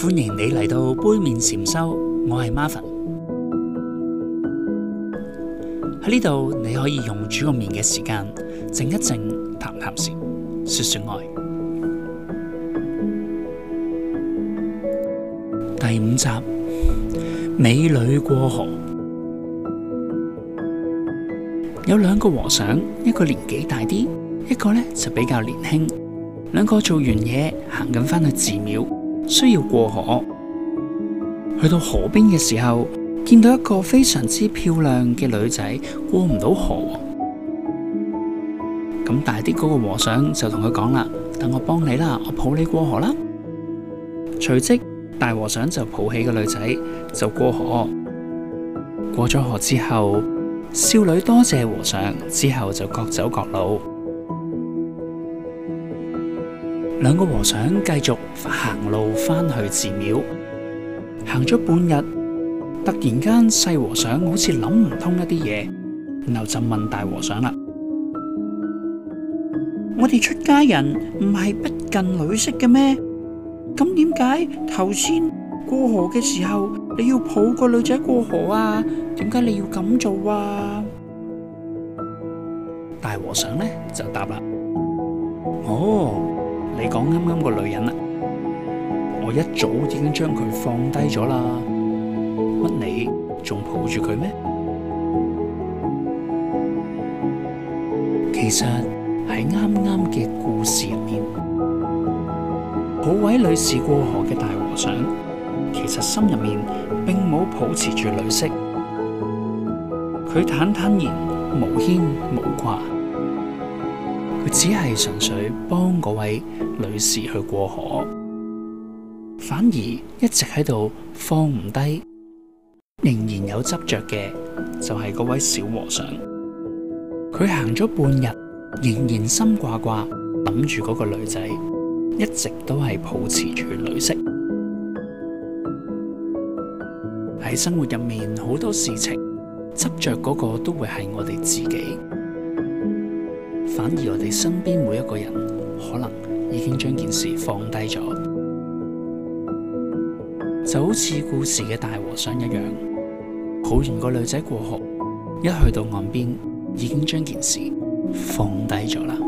歡迎你嚟到杯麵禪修，我係 Marvin。喺呢度你可以用煮個麵嘅時間靜一靜，談談事，說說愛。第五集，美女過河，有兩個和尚，一個年紀大啲，一個呢就比較年輕。兩個做完嘢，行緊返去寺廟。需要過河，去到河邊嘅時候，見到一個非常之漂亮嘅女仔過唔到河。咁大啲嗰個和尚就同佢講啦：等我幫你啦，我抱你過河啦。隨即，大和尚就抱起個女仔就過河。過咗河之後，少女多謝和尚，之後就各走各路。兩個和尚繼續行路翻去寺廟，行咗半日，突然間細和尚好似諗唔通一啲嘢，然後就問大和尚啦：我哋出家人唔係不近女色嘅咩？咁點解頭先過河嘅時候你要抱個女仔過河啊？點解你要咁做啊？大和尚呢就答啦：哦。你講啱啱個女人啦，我一早已經將佢放低咗啦。乜你仲抱住佢咩？其實喺啱啱嘅故事入面，抱位女士過河嘅大和尚，其實心入面並冇抱持住女色，佢坦坦然，無牽無掛。只係純粹幫嗰位女士去過河，反而一直喺度放唔低，仍然有執着嘅就係嗰位小和尚。佢行咗半日，仍然心掛掛，諗住嗰個女仔，一直都係抱持住女色。喺生活入面，好多事情執着嗰個都會係我哋自己。反而我哋身邊每一個人可能已經將件事放低咗，就好似故事嘅大和尚一樣，抱完個女仔過河，一去到岸邊已經將件事放低咗喇。